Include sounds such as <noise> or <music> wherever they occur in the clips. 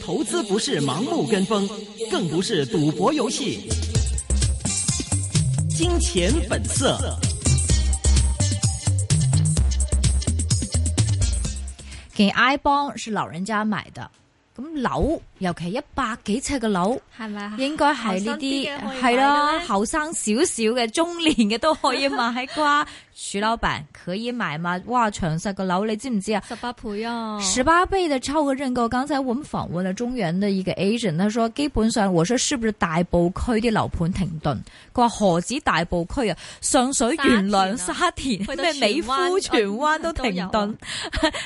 投資不是盲目跟風，更不是賭博遊戲。金錢本色。其實 I 幫是老人家買的，咁樓尤其一百幾尺嘅樓，係咪？應該係呢啲係咯，後生少少嘅、中年嘅 Hy <laughs> 都可以買啩。 <laughs> 徐老闆可以買嗎？哇，長實個樓你知唔知啊？十八倍啊！十八倍的超額認購。剛才我們訪問了中原的一個 agent，他說基本上我說是不是大埔區啲樓盤停頓。佢話何止大埔區啊，上水、元朗、沙田、咩美孚、荃灣、呃、都停頓。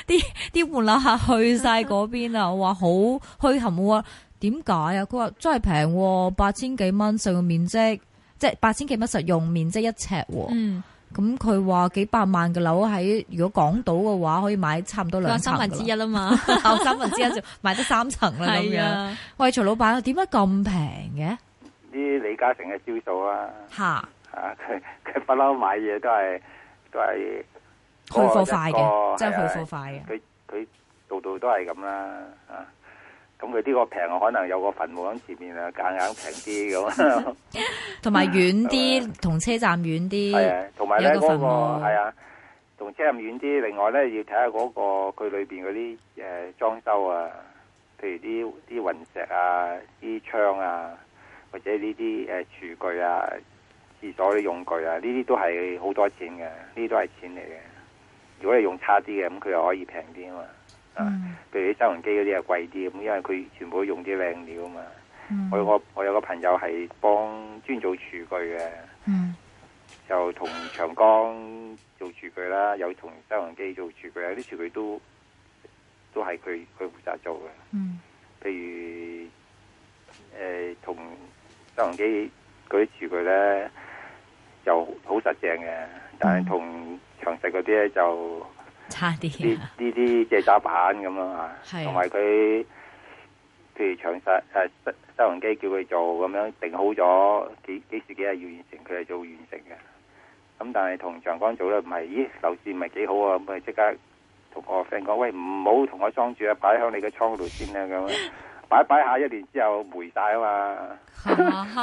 啲啲換樓客去晒嗰邊啊！我哇，好墟冚喎。點解啊？佢話真係平，啊，八千幾蚊實用面積，即係八千幾蚊實用面積一尺，啊。嗯。咁佢話幾百萬嘅樓喺，如果港島嘅話可以買差唔多兩，三分之一啦嘛，到三分之一就買得三層啦咁樣。喂，徐老闆，點解咁平嘅？啲李嘉誠嘅招數啊！吓吓，佢佢不嬲買嘢都係都係去貨快嘅，即係去貨快嘅。佢佢度度都係咁啦，啊！咁佢呢個平啊，可能有個墳墓喺前面啊，夾硬平啲咁。同埋遠啲，同、嗯、車站遠啲。同埋咧嗰個係啊，同、嗰個、車站遠啲。另外咧要睇下嗰、嗰個佢裏邊嗰啲誒裝修啊，譬如啲啲雲石啊、啲窗啊，或者呢啲誒廚具啊、廁所啲用具啊，呢啲都係好多錢嘅，呢啲都係錢嚟嘅。如果你用差啲嘅，咁佢又可以平啲啊嘛。嗯、啊。譬如啲收銀機嗰啲係貴啲，咁因為佢全部都用啲靚料啊嘛。我我有個朋友係幫專做廚具嘅，嗯、就同長江做廚具啦，有同新鴻基做廚具，有啲廚具都都係佢佢負責做嘅。嗯，譬如誒同新鴻基嗰啲廚具咧就好實淨嘅，但係同長實嗰啲咧就差啲啲啲啲即係渣板咁啊，同埋佢譬如長實誒。呃收銀機叫佢做咁樣定好咗幾幾時幾日要完成，佢係做完成嘅。咁、嗯、但係同長江做咧唔係，咦樓市唔係幾好啊？咁佢即刻同我 friend 講，喂唔好同我倉住啊，擺響你嘅倉度先啦。咁擺擺下一年之後霉晒啊嘛，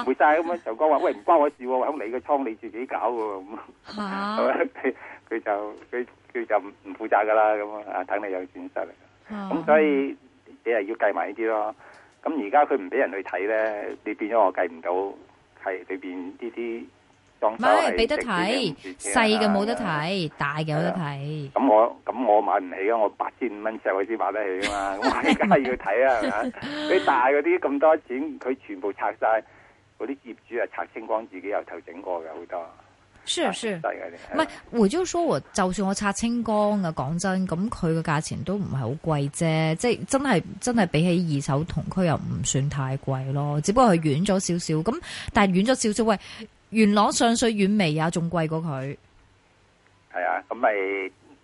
霉晒咁啊！長江話喂唔關我事喎、啊，響你嘅倉你自己搞噶、啊、咁，係佢佢就佢佢就唔負責噶啦。咁啊，等你有損失嚟。咁 <laughs> <laughs> 所以你係要計埋呢啲咯。咁而家佢唔俾人去睇咧，你變咗我計唔到，係裏邊呢啲裝修俾得睇。細嘅冇得睇，大嘅有得睇。咁我咁我買唔起啊！我八千五蚊尺我先買得起啊嘛！咁梗係要睇啊，係咪啊？大嗰啲咁多錢，佢全部拆晒，嗰啲業主啊，拆清光自己又頭整過嘅好多。是是，唔係回焦 show，就算我拆清光啊，講真，咁佢嘅價錢都唔係好貴啫，即係真係真係比起二手同區又唔算太貴咯。只不過係遠咗少少，咁但係遠咗少少，喂元朗上水遠未啊？仲貴過佢。係啊，咁咪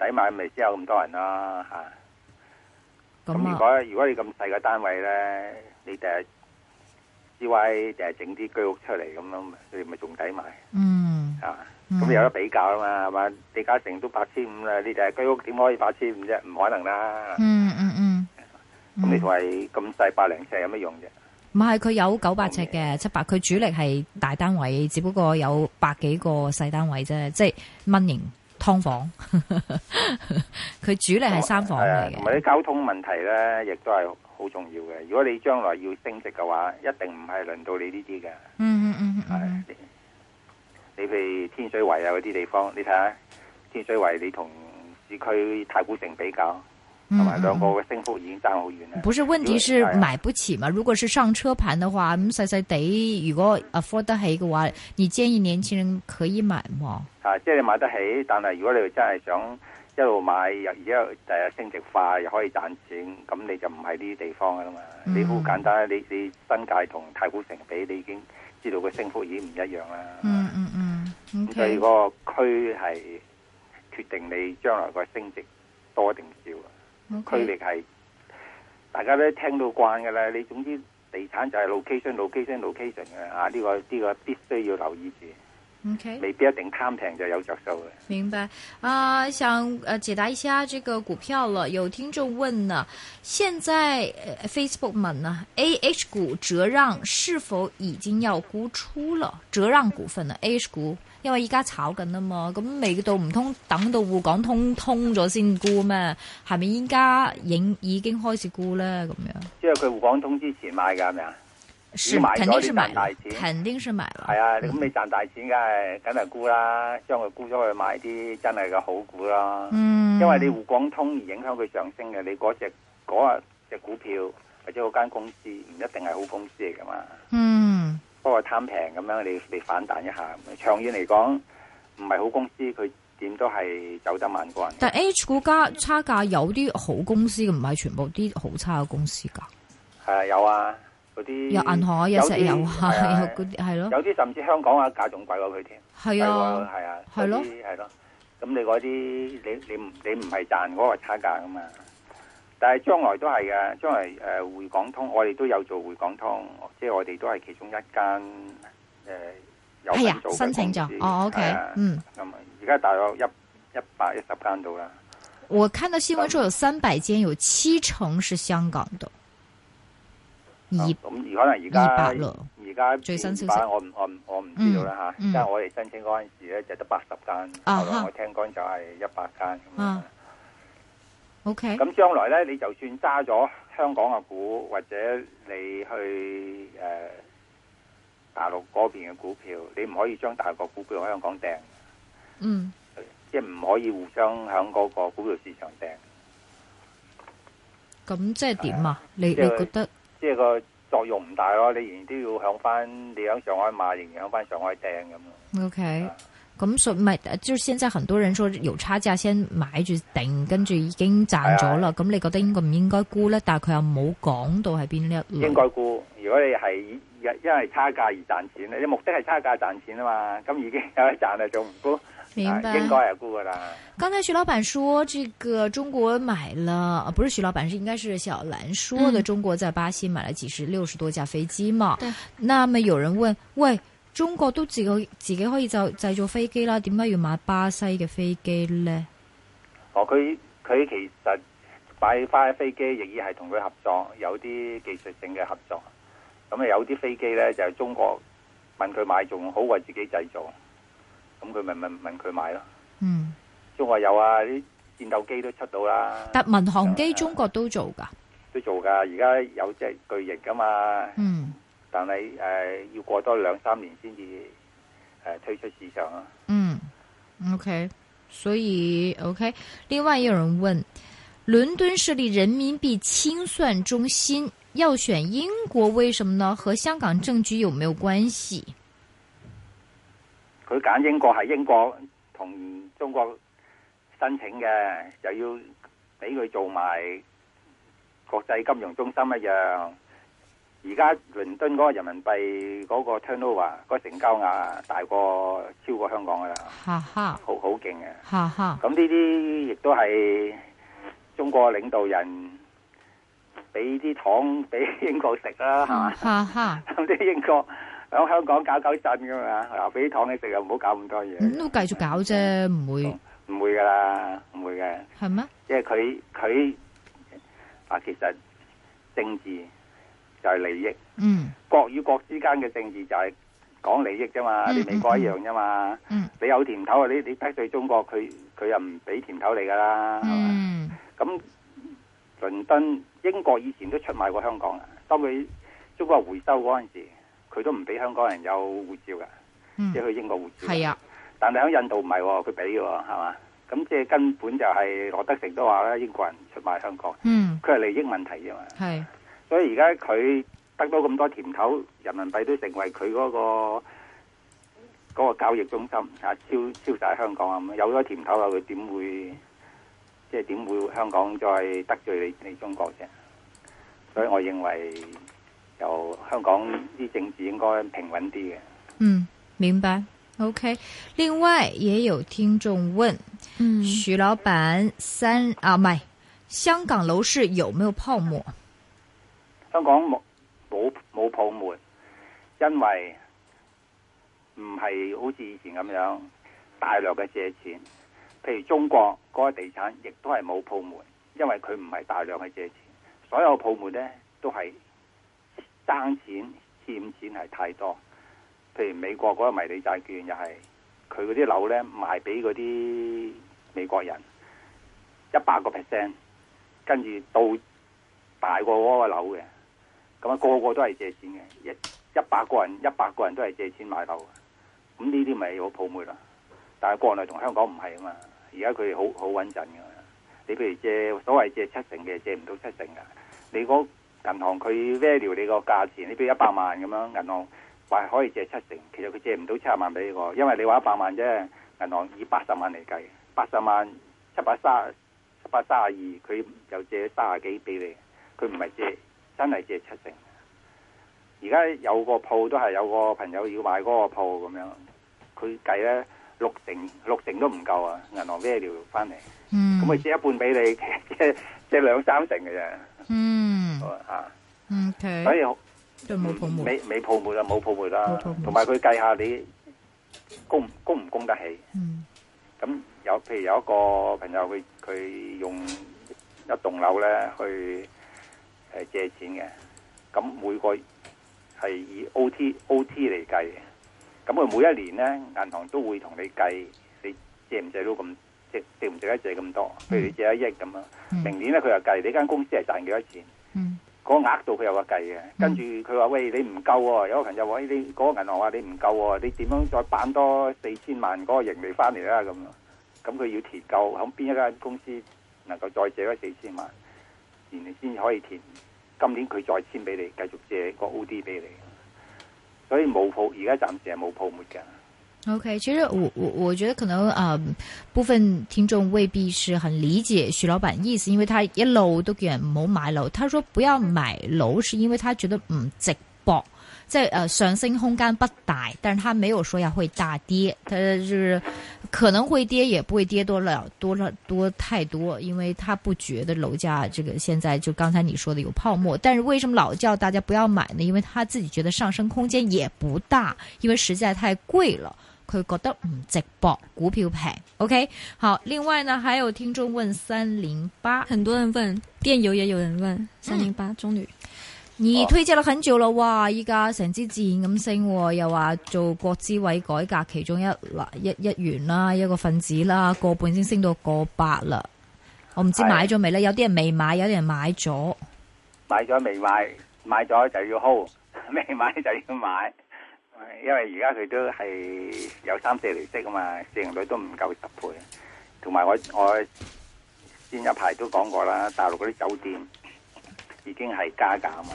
抵買咪，之後咁多人啦吓。咁如果如果你咁細個單位咧，你第日之外就係整啲居屋出嚟咁樣，你咪仲抵買。嗯。啊，咁有得比較啊嘛，係嘛？地價成都八千五啦，你哋係居屋點可以八千五啫？唔可能啦！嗯嗯嗯，咁你同佢咁細百零尺有乜用啫？唔係佢有九百尺嘅七百，佢主力係大單位，只不過有百幾個細單位啫，即係蚊型劏房。佢主力係三房嚟嘅。係啊，同埋啲交通問題咧，亦都係好重要嘅。如果你將來要升值嘅話，一定唔係輪到你呢啲嘅。嗯嗯嗯嗯。譬如天水圍啊嗰啲地方，你睇下天水圍，你同市區太古城比較，同埋兩個嘅升幅已經爭好遠啦。不是問題，是買不起嘛？如果是上車盤嘅話，咁細細哋如果 afford 得起嘅話，你建議年輕人可以買嘛？啊，即係你買得起，但係如果你真係想一路買又而家誒升值快又可以賺錢，咁你就唔係呢啲地方噶啦嘛？嗯、你好簡單，你你新界同太古城比，你已經知道個升幅已經唔一樣啦，嗯。嗯嗯。對、okay. okay. okay. 個區係決定你將來個升值多定少啊，Okay. 區力係大家都聽到慣嘅啦。你總之地產就係 loc location，location，location 嘅啊！呢、這個呢、這個必須要留意住，Okay. 未必一定貪平就有着數嘅。明白啊、呃，想解答一下這個股票啦。有聽眾問呢，現在 Facebook 問呢、啊、，A H 股折讓是否已經要沽出了？折讓股份呢，A H 股。因為依家炒緊啊嘛，咁未到唔通等到滬港通通咗先沽咩？係咪依家影已經開始沽啦？咁樣，即係佢滬港通之前買噶係咪啊？是，肯定是買，肯定是買了。係啊，咁你賺大錢嘅，梗係沽啦，將佢沽咗去買啲真係嘅好股啦。嗯，因為你滬港通而影響佢上升嘅，你嗰隻嗰隻股票或者嗰間公司唔一定係好公司嚟噶嘛。嗯。不過貪平咁樣，你你反彈一下，長遠嚟講唔係好公司，佢點都係走得慢啲。但 H 股價差價有啲好公司，唔係全部啲好差嘅公司噶。係啊，有啊，啲有銀行啊，有石油啊，有啲係咯。有啲甚至香港啊價仲貴過佢添。係啊，係啊，係咯，係咯。咁你嗰啲，你你唔你唔係賺嗰個差價噶嘛？但係將來都係嘅，將來誒，匯港通我哋都有做匯港通，即係我哋都係其中一間誒，有份做嘅公司。係啊，申請咗。哦，OK，嗯。咁而家大約一一百一十間到啦。我看到新聞說有三百間，有七成是香港度。二咁而可能而家二百咯。而家最新消息，我唔我唔我唔知道啦吓，因為我哋申請嗰陣時咧就得八十間，後來我聽講就係一百間咁。O K，咁將來咧，你就算揸咗香港嘅股，或者你去誒、呃、大陸嗰邊嘅股票，你唔可以將大陸股票喺香港掟，嗯，即係唔可以互相響嗰個股票市場掟。咁、嗯、的即係點啊？你的你覺得？即係個作用唔大咯，你仍然都要響翻你響上海買，仍然響翻上海掟咁。O Okay . K。咁所以唔係，就現在很多人說有差價先買住定，跟住已經賺咗啦。咁、啊、你覺得應該唔應該沽咧？但係佢又冇講到係邊叻。應該沽，如果你係因為差價而賺錢咧，你目的係差價賺錢啊嘛。咁已經有得賺啦，仲唔沽？明白，應該係沽噶啦。剛才徐老闆說，這個中國買了，不是徐老闆，是應該是小蘭說的，嗯、中國在巴西買了幾十、六十多架飛機嘛。對。那麼有人問，喂？中國都自己自己可以就製造飛機啦，點解要買巴西嘅飛機呢？哦，佢佢其實買翻飛機，亦已係同佢合作，有啲技術性嘅合作。咁、嗯、啊，有啲飛機呢，就係、是、中國問佢買，仲好為自己製造。咁佢咪問問佢買咯？嗯。中國有啊，啲戰鬥機都出到啦。但民航機中國都做噶、嗯？都做噶，而家有隻巨型噶嘛？嗯。但係誒、呃，要過多兩三年先至、呃、推出市場啊。嗯，OK，所以 OK。另外有人問，倫敦設立人民幣清算中心要選英國，為什麼呢？和香港政局有沒有關係？佢揀英國係英國同中國申請嘅，就要俾佢做埋國際金融中心一樣。而家倫敦嗰個人民幣嗰個，Turnover，嗰成交額大過超過香港噶啦，哈哈 <laughs> 好好勁嘅，哈！嚇。咁呢啲亦都係中國領導人俾啲糖俾英國食啦、啊，係嘛？嚇嚇。啲英國響香港搞搞震噶嘛，嗱俾啲糖你食又唔好搞咁多嘢、嗯。都繼續搞啫，唔會，唔會噶啦，唔會嘅。係咩嗎？即係佢佢啊，其實政治。就係利益，嗯、國與國之間嘅政治就係講利益啫嘛，嗯、你美國一樣啫嘛，嗯嗯、你有甜頭，你你批鬥中國，佢佢又唔俾甜頭你噶啦，係嘛，咁倫、嗯、敦英國以前都出賣過香港啊，當佢中國回收嗰陣時，佢都唔俾香港人有護照噶，即係、嗯、去英國護照，係啊，但係喺印度唔係、哦，佢俾嘅係嘛，咁即係根本就係羅德丞都話啦，英國人出賣香港，嗯，佢係利益問題啫嘛，係。所以而家佢得到咁多甜頭，人民幣都成為佢嗰、嗰個、嗰個交易中心啊，超超晒香港咁。有咗甜頭啊，佢點會即係點會香港再得罪你你中國啫？所以我認為由香港啲政治應該平穩啲嘅。嗯，明白。OK。另外也有聽眾問，嗯，徐老闆三，三啊，唔係香港樓市有沒有泡沫？香港冇冇冇泡沫，因為唔係好似以前咁樣大量嘅借錢。譬如中國嗰個地產亦都係冇泡沫，因為佢唔係大量嘅借錢。所有泡沫咧都係爭錢欠錢係太多。譬如美國嗰個迷你債券又係佢嗰啲樓咧賣俾嗰啲美國人一百個 percent，跟住到大過那個嗰個樓嘅。咁啊，個個都係借錢嘅，一一百個人一百個人都係借錢買樓，咁呢啲咪有泡沫啦？但係國內同香港唔係啊嘛，而家佢好好穩陣嘅。你譬如借所謂借七成嘅，借唔到七成噶。你講銀行佢 value 你個價錢，你俾一百萬咁樣，銀行話可以借七成，其實佢借唔到七十萬俾你，因為你話一百萬啫，銀行以八十萬嚟計，八十萬七百三，七百三十二，佢就借三十幾俾你，佢唔係借。真係借七成，而家有個鋪都係有個朋友要買嗰個鋪咁樣，佢計咧六成，六成都唔夠啊！銀行咩料翻嚟？嗯，咁佢借一半俾你，借借兩三成嘅啫。嗯。嚇。嗯、啊、Okay。所以冇泡沫。未未泡沫啦，冇泡沫啦。冇泡沫。同埋佢計下你供供唔供得起？嗯。咁有譬如有一個朋友佢佢用一棟樓咧去。係借錢嘅，咁每個係以 O T O T 嚟計，咁佢每一年咧，銀行都會同你計你借唔借到，咁借借唔借得借咁多，mm. 譬如你借一億咁啊，明年咧佢又計你間公司係賺幾多錢，嗯，個額度佢又話計嘅，跟住佢話喂，你唔夠，有朋友話喂，你嗰個銀行話你唔夠，你點、那個啊、樣再辦多四千萬嗰個盈利翻嚟啊咁啊，咁佢要填夠，喺邊一間公司能夠再借咗四千萬，然後先可以填。今年佢再簽俾你，繼續借個 O D 俾你，所以冇鋪，而家暫時係冇泡沫嘅。OK，其實我我我覺得可能啊、呃，部分聽眾未必是很理解徐老闆意思，因為他一路都叫人唔好買樓，他說不要買樓，是因為他覺得唔值博。在呃，上升空間不大，但是他沒有說要會大跌，他就是可能會跌，也不會跌多了，多了，多了，多太多，因為他不覺得樓價這個現在就剛才你說的有泡沫，但是為什麼老叫大家不要買呢？因為他自己覺得上升空間也不大，因為實在太貴了，佢覺得唔，嗯，值博，股票平，OK，好，另外呢，還有聽眾問三零八，很多人問，電郵也有人問三零八中旅。嗯而推只落很做咯，哇！依家成支自然咁升，又話做國資委改革其中一嗱一一員啦，一個分子啦，個半先升到個八啦。我唔知買咗未咧，的有啲人未買，有啲人買咗，買咗未買，買咗就要 hold，未買就要買，因為而家佢都係有三四厘息啊嘛，市盈率都唔夠十倍。同埋我我前一排都講過啦，大陸嗰啲酒店。已經係加價啊嘛，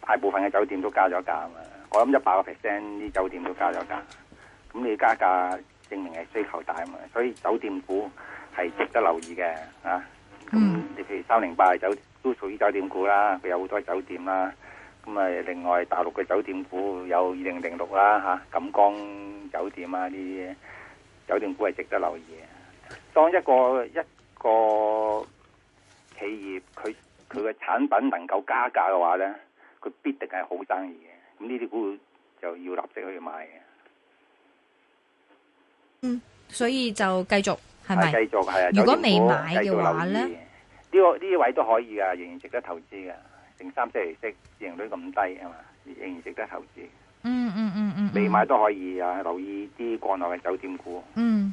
大部分嘅酒店都加咗價啊嘛，我，我諗一百個 percent 啲酒店都加咗價，咁你加價證明係需求大啊嘛，所以酒店股係值得留意嘅啊。咁你譬如三零八係酒店，都屬於酒店股啦，佢有好多酒店啦。咁啊，另外大陸嘅酒店股有二零零六啦，吓，錦江酒店啊，呢啲酒店股係值得留意嘅。當一個一個企業佢。佢嘅產品能夠加價嘅話咧，佢必定係好生意嘅。咁呢啲股就要立即去買嘅。嗯，所以就繼續係咪？繼續係啊，如果未買嘅話咧，酒店股繼續留意。呢個呢位都可以噶，仍然值得投資嘅。成三四釐息，市盈率咁低係嘛？仍然值得投資。嗯嗯嗯嗯。嗯嗯嗯，未買都可以啊，留意啲國內嘅酒店股。嗯。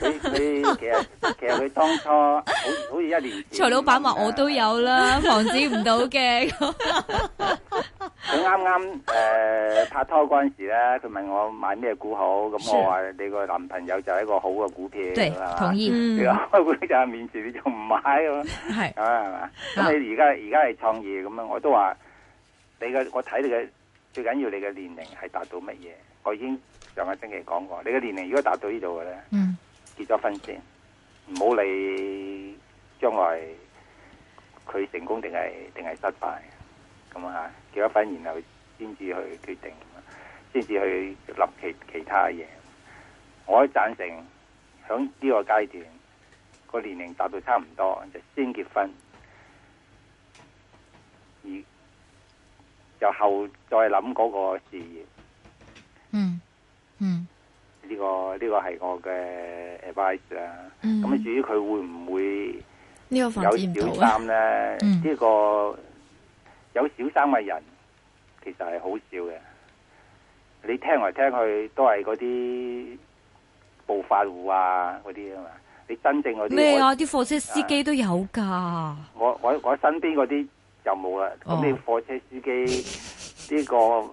你你 <laughs> 其實其實佢當初好好似一年前。徐 <laughs> 老闆話我都有啦， <laughs> 防止唔到嘅。佢啱啱誒拍拖嗰陣時咧，佢問我買咩股好，咁的我話你個男朋友就係一個好嘅股票。對，同意。佢開會就係面前你仲唔買咯。係係嘛？咁你而家而家係創業咁樣，我都話你嘅我睇你嘅最緊要你嘅年齡係達到乜嘢？我已經上個星期講過，你嘅年齡如果達到呢度嘅咧，嗯。結咗婚先，唔好理將來佢成功定係定係失敗，咁啊吓結咗婚然後先至去決定，先至去諗其其他嘢。我贊成響呢個階段，個年齡達到差唔多就先結婚，而就後再諗嗰個事業。嗯嗯。嗯呢、這個呢、這個係我嘅 advice 啦。咁、嗯、至於佢會唔會有小三咧？呢、嗯、個有小三嘅人其實係好少嘅。你聽來聽去都係嗰啲暴發戶啊嗰啲啊嘛。你真正嗰啲咩啊？啲貨車司機都有㗎。我我我身邊嗰啲就冇啦。咁、哦、你貨車司機呢、這個？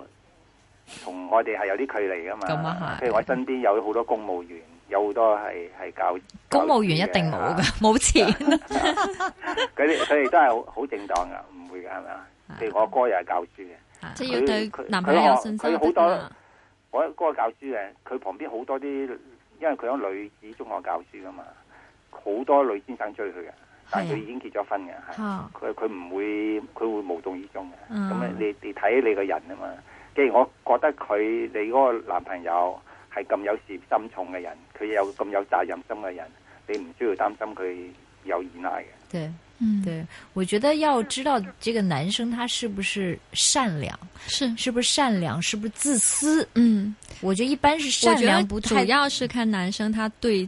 同我哋係有啲距離噶嘛？咁譬如我身邊有好多公務員，有好多係係教公務員一定冇噶，冇錢。佢哋，佢哋都係好正當噶，唔會噶係咪啊？譬如我哥又係教書嘅，即係要對佢男朋友信佢好多，我哥教書嘅，佢旁邊好多啲，因為佢喺女子中學教書噶嘛，好多女先生追佢嘅，但係佢已經結咗婚嘅，佢，佢唔會，佢會無動於衷嘅。咁啊，你，你睇你個人啊嘛。既然我覺得佢你嗰個男朋友係咁有善心重嘅人，佢有咁有責任心嘅人，你唔需要擔心佢有依賴嘅。對，嗯，對，我覺得要知道這個男生他是不是善良，是是不是善良，是不是自私？嗯，我覺得一般是善良不太，不主要是看男生他對。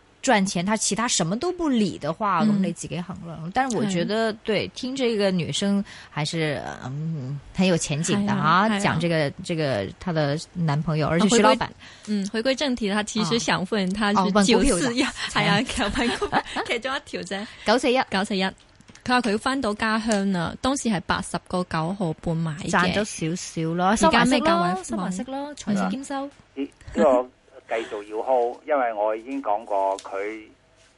賺錢，他其他什麼都不理的話，噉你自己衡量，但是我覺得，對，聽這個女生還是很有前景的啊！講這個這個她的男朋友，而且徐老闆。嗯，回歸正題，他其實想問，他是九四一，哎呀，九四一，其中一條啫。九四一，九四一，佢話佢要翻到家鄉啦。當時係八十個九號半買嘅，賺咗少少咯。而家咩價位？新黃色咯，財色兼收。繼續要 hold，因為我已經講過，佢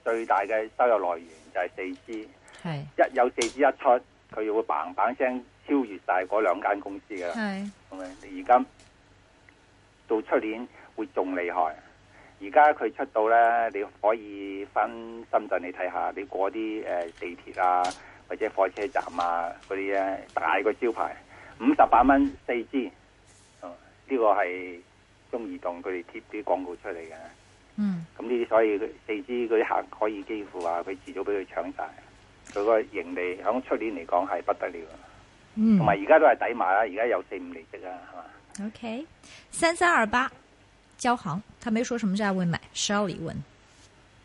最大嘅收入來源就係四 G，是一有四支一出，佢就會砰砰聲超越晒嗰兩間公司噶啦，係咪是？而家到出年會仲厲害，而家佢出到咧，你可以返深圳你睇下，你嗰啲誒地鐵啊或者火車站啊嗰啲咧大個招牌五十八蚊四支。呢、嗯這個係。中移動佢哋貼啲廣告出嚟嘅，嗯，咁呢啲所以四 G 嗰啲客可以幾乎話佢遲早俾佢搶晒，佢個盈利響出年嚟講係不得了的，嗯，同埋而家都係抵買啦，而家有四五厘息啦，係嘛？OK，三三二八，交行，他沒說什麼價位買，Shelly 問，里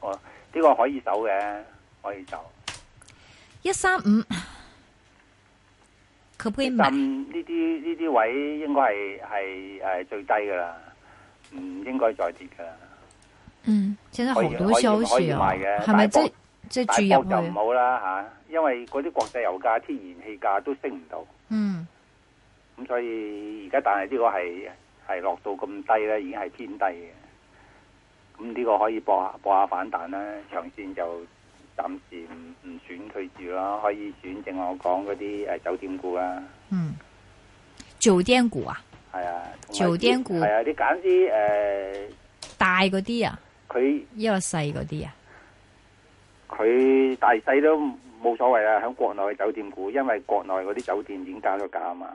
哦，呢、這個可以走嘅，可以走，一三五，可唔可呢啲呢啲位應該係係誒最低噶啦。唔應該再跌噶。嗯，真係好多消息啊！係咪即即注入？是是大波就唔好啦，吓，啊，因為嗰啲國際油價、天然氣價都升唔到。嗯。咁、嗯、所以而家但係呢個係係落到咁低咧，已經係偏低嘅。咁呢個可以搏下、搏下反彈啦，長線就暫時唔唔選退住啦，可以選正我講嗰啲誒酒店股啊。嗯，酒店股啊。酒店、啊、股係啊，你揀啲誒大嗰啲啊，佢因為細嗰啲啊，佢大細都冇所謂啊。喺國內嘅酒店股，因為國內嗰啲酒店已經加咗價啊嘛。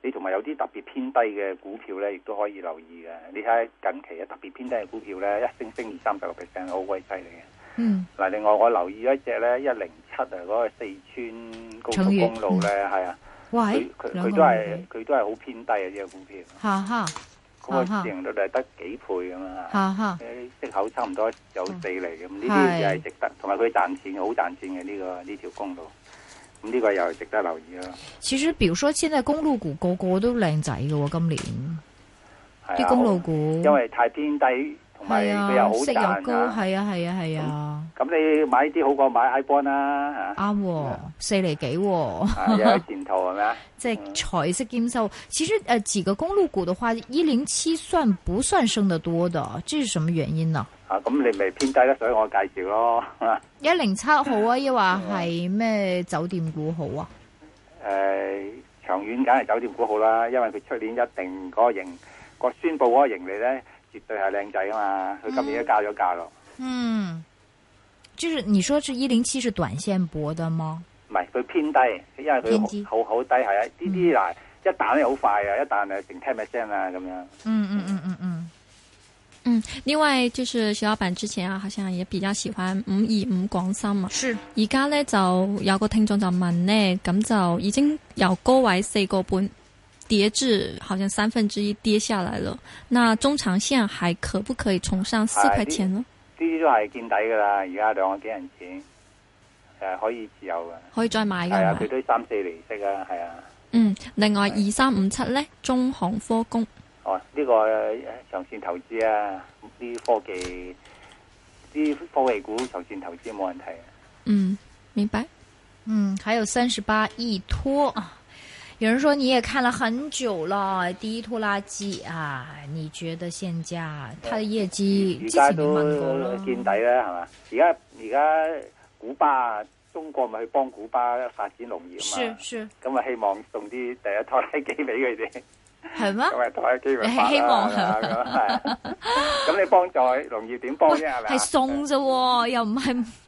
你同埋有啲特別偏低嘅股票咧，亦都可以留意啊。你睇下近期啊，特別偏低嘅股票咧，一升升二三十個 percent，好鬼犀利嘅。嗯，嗱，另外我留意咗一隻咧，一零七啊，嗰個四川高速公路咧，係、嗯、啊。喂，佢佢都係佢都係好偏低嘅呢個股票吓吓，嗰個哈市盈率係得幾倍咁啊吓吓，啲哈息口差唔多有四厘咁，呢啲、嗯、就係值得。同埋佢賺錢好賺錢嘅呢、呢個呢條公路，咁、呢、呢個又係值得留意啊。其實，比如說，現在公路股個個都靚仔嘅喎，今年啲、啊、公路股因為太偏低。係啊，息又高，係啊，係啊，係啊。咁、啊、你買啲好過買 iPhone 啦，啱、啊，啊啊、四厘幾、啊啊，有前途係咪？即係財色兼收，其實誒、呃，幾個公路股的話，一零七算唔算升得多的？這是什麼原因呢、啊？咁、啊、你咪偏低咯，所以我介紹咯。一零七號啊，亦話係咩酒店股好啊？誒、呃，長遠梗係酒店股好啦，因為佢出年一定嗰個盈，個宣布嗰個盈利咧。絕對係靚仔啊嘛！佢今年都加咗價咯。嗯，就是你說是一零七是短線博的嗎？唔係，佢偏低，因為佢好低好，好低，係呢啲嗱，一彈又好快啊！一彈誒，成聽咪聲啊，咁樣。嗯嗯嗯嗯嗯。嗯，另外就是徐老闆之前啊，好像也比較喜歡五二五廣深啊。是。而家咧就有個聽眾就問呢，咁就已經由高位四個半。跌至好像三分之一跌下來了，那中長線還可不可以重上四塊錢呢？呢啲都係見底噶啦，而家兩個幾銀錢，誒、啊，可以持有噶，可以再買噶，係啊，佢都三四厘息啊，係啊。嗯，另外二三五七咧，的中航科工。哦，呢、這個長線投資啊，啲科技、啲科技股長線投資冇問題啊。嗯，明白。嗯，還有三十八億托。有人說你也看了很久啦，第一拖拉機啊，你覺得現價他的業績驚喜啲冇？現在見底啦係嘛？而家而家古巴中國咪去幫古巴發展農業嘛？是是。咁啊希望送啲第一拖拉機俾佢哋，係咩？咁啊拖拉機咪發啦。咁你幫助農業點幫啫？係咪？係送啫，又唔係。